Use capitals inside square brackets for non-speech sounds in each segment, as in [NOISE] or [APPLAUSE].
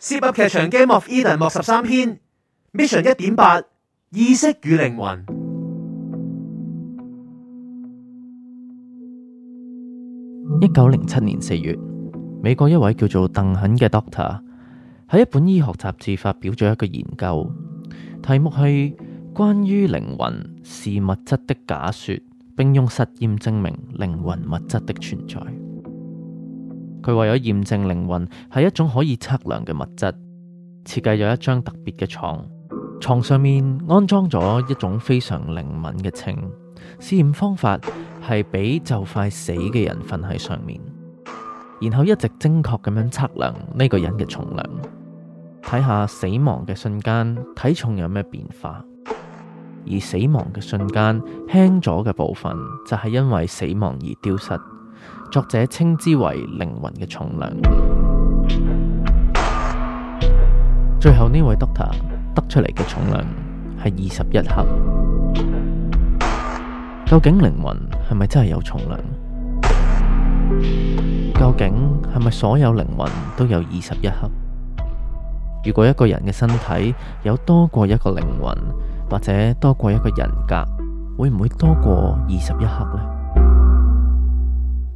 Zip 噏劇場《Game of Eden》莫十三篇，Mission 一點八，意識與靈魂。一九零七年四月，美國一位叫做鄧肯嘅 Doctor 喺一本醫學雜誌發表咗一個研究，題目係關於靈魂是物質的假說，並用實驗證明靈魂物質的存在。佢為咗驗證靈魂係一種可以測量嘅物質，設計咗一張特別嘅床，床上面安裝咗一種非常靈敏嘅秤。試驗方法係俾就快死嘅人瞓喺上面，然後一直精確咁樣測量呢個人嘅重量，睇下死亡嘅瞬間體重有咩變化，而死亡嘅瞬間，輕咗嘅部分就係因為死亡而丟失。作者稱之為靈魂嘅重量。最後呢位 Doctor 得出嚟嘅重量係二十一克。究竟靈魂係咪真係有重量？究竟係咪所有靈魂都有二十一克？如果一個人嘅身體有多過一個靈魂，或者多過一個人格，會唔會多過二十一克呢？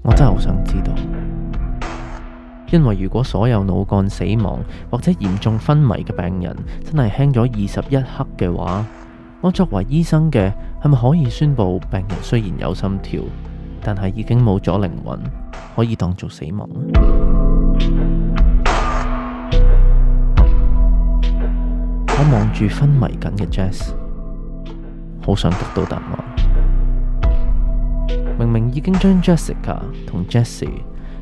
我真係好想知道，因為如果所有腦幹死亡或者嚴重昏迷嘅病人真係輕咗二十一克嘅話，我作為醫生嘅係咪可以宣佈病人雖然有心跳，但係已經冇咗靈魂，可以當做死亡咧？我望住昏迷緊嘅 Jess，好想得到答案。明明已經將 Jessica 同 Jesse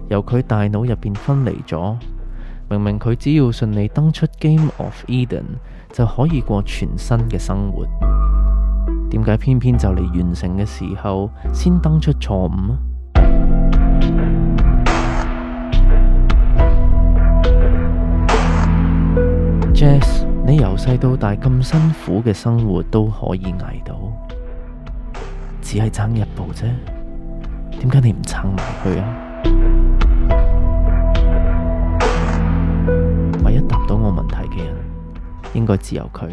由佢大腦入面分離咗，明明佢只要順利登出 Game of Eden 就可以過全新嘅生活，點解偏偏就嚟完成嘅時候先登出錯誤啊？j e s [MUSIC] s Jess, 你由細到大咁辛苦嘅生活都可以捱到，只係爭一步啫。點解你唔撐埋佢啊？唯一答到我問題嘅人，應該只有佢。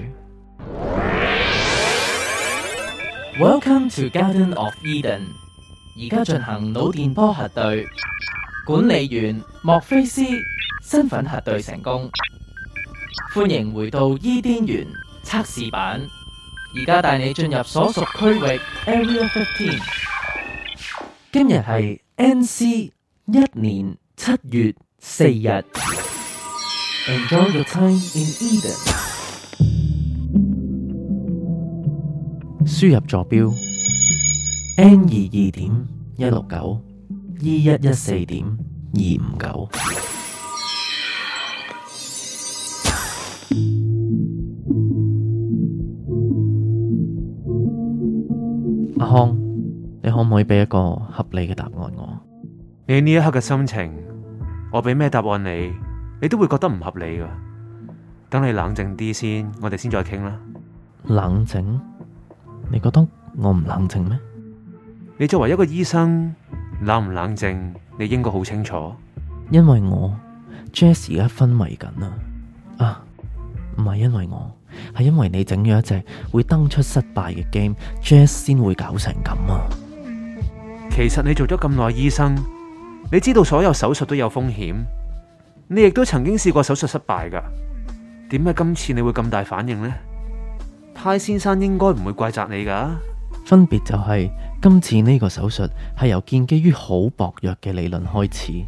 Welcome to Garden of Eden。而家進行腦電波核對，管理員莫菲斯身份核對成功，歡迎回到伊甸園測試版。而家帶你進入所屬區域 Area 15。今日係 N C 一年七月四日。Enjoy your time in Eden。輸入座標 N 二二點一六九 E 一一四點二五九。你可唔可以俾一個合理嘅答案我？你呢一刻嘅心情，我俾咩答案你，你都會覺得唔合理噶。等你冷靜啲先，我哋先再傾啦。冷靜？你覺得我唔冷靜咩？你作為一個醫生，冷唔冷靜，你應該好清楚。因為我 Jess 而家昏迷緊啊！啊，唔係因為我，係、啊、因，因為你整咗一隻會登出失敗嘅 game，Jess 先會搞成咁啊！其實你做咗咁耐醫生，你知道所有手術都有風險，你亦都曾經試過手術失敗噶。點解今次你會咁大反應呢？π 先生應該唔會怪責你噶、啊。分別就係、是、今次呢個手術係由建基於好薄弱嘅理論開始，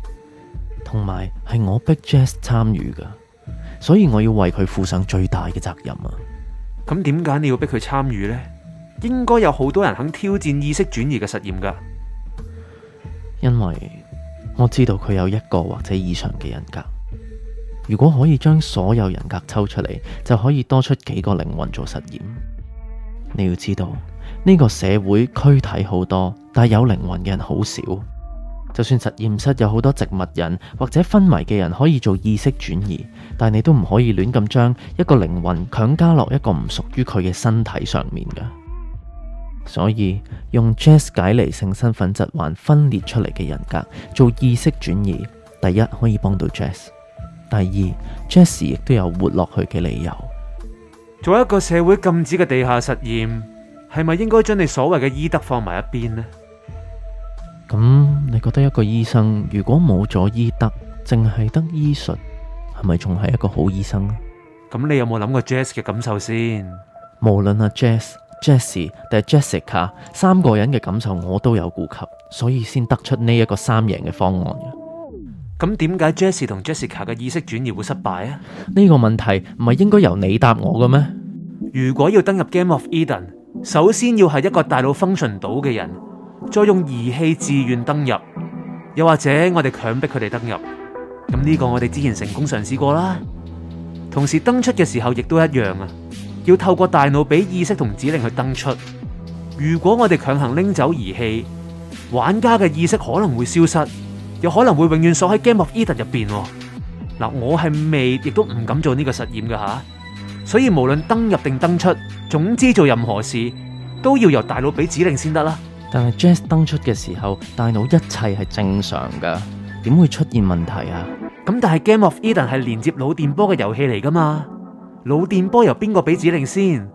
同埋係我逼 Jess 參與噶，所以我要為佢負上最大嘅責任啊。咁點解你要逼佢參與呢？應該有好多人肯挑戰意識轉移嘅實驗噶。因為我知道佢有一個或者以上嘅人格。如果可以將所有人格抽出嚟，就可以多出幾個靈魂做實驗。你要知道呢個社會，軀體好多，但有靈魂嘅人好少。就算實驗室有好多植物人或者昏迷嘅人可以做意識轉移，但你都唔可以亂咁將一個靈魂強加落一個唔屬於佢嘅身體上面嘅。所以用 Jess 解離性身份疾患，分裂出嚟嘅人格做意識轉移，第一可以幫到 Jess，第二 Jesse 亦都有活落去嘅理由。做一個社會禁止嘅地下實驗，係咪應該將你所謂嘅醫德放埋一邊呢？咁你覺得一個醫生如果冇咗醫德，淨係得醫術，係咪仲係一個好醫生？咁你有冇諗過 Jess 嘅感受先？無論阿 Jess。Jesse 定係 Jessica，三個人嘅感受我都有顧及，所以先得出呢一個三贏嘅方案嘅。咁點解 Jesse 同 Jessica 嘅意識轉移會失敗啊？呢個問題唔係應該由你答我嘅咩？如果要登入 Game of Eden，首先要係一個大腦 function 到嘅人，再用儀器自願登入，又或者我哋強迫佢哋登入。咁呢個我哋之前成功嘗試過啦。同時登出嘅時候亦都一樣啊。要透過大腦俾意識同指令去登出。如果我哋強行拎走儀器，玩家嘅意識可能會消失，又可能會永遠鎖喺 Game of Eden 入邊。嗱、啊，我係未亦都唔敢做呢個實驗噶吓。所以無論登入定登出，總之做任何事都要由大腦俾指令先得啦。但係 Jess 登出嘅時候，大腦一切係正常噶，點會出現問題啊？咁但係 Game of Eden 係連接腦電波嘅遊戲嚟噶嘛？腦電波由邊個俾指令先？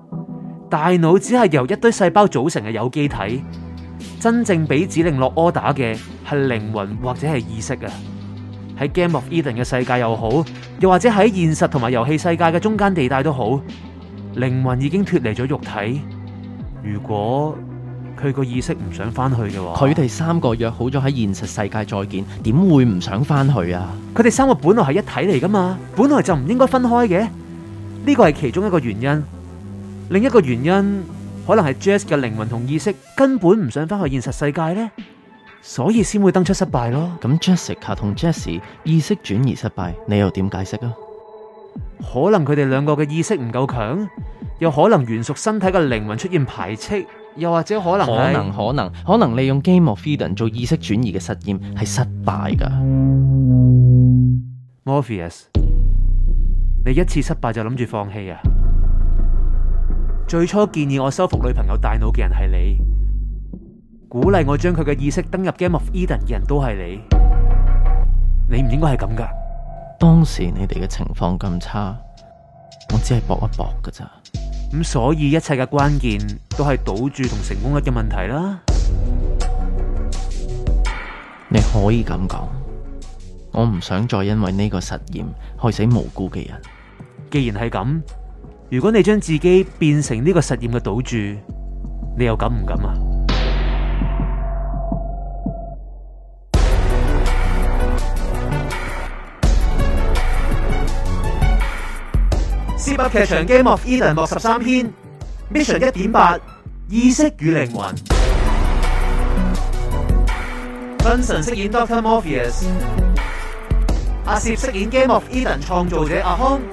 大腦只係由一堆細胞組成嘅有機體，真正俾指令落 order 嘅係靈魂或者係意識啊。喺 Game of Eden 嘅世界又好，又或者喺現實同埋遊戲世界嘅中間地帶都好，靈魂已經脫離咗肉體。如果佢個意識唔想翻去嘅話，佢哋三個約好咗喺現實世界再見，點會唔想翻去啊？佢哋三個本來係一體嚟㗎嘛，本來就唔應該分開嘅。呢個係其中一個原因，另一個原因可能係 Jess 嘅靈魂同意識根本唔想翻去現實世界呢，所以先會登出失敗咯。咁 Jessica 同 Jesse 意識轉移失敗，你又點解釋啊？可能佢哋兩個嘅意識唔夠強，又可能原屬身體嘅靈魂出現排斥，又或者可能可能可能可能利用 Game of Eden 做意識轉移嘅實驗係失敗噶。Morpheus 你一次失敗就諗住放棄啊！最初建議我修復女朋友大腦嘅人係你，鼓勵我將佢嘅意識登入 Game of Eden 嘅人都係你。你唔應該係咁噶。當時你哋嘅情況咁差，我只係搏一搏噶咋。咁、嗯、所以一切嘅關鍵都係賭注同成功率嘅問題啦。你可以咁講，我唔想再因為呢個實驗害死無辜嘅人。既然係咁，如果你將自己變成呢個實驗嘅賭注，你又敢唔敢啊？《Zip 噏劇場 Game of Eden》莫十三篇，mission 一點八，意識與靈魂。分神飾演 Doctor Morpheus，阿攝飾演 Game of Eden 創造者阿康。 [MUSIC]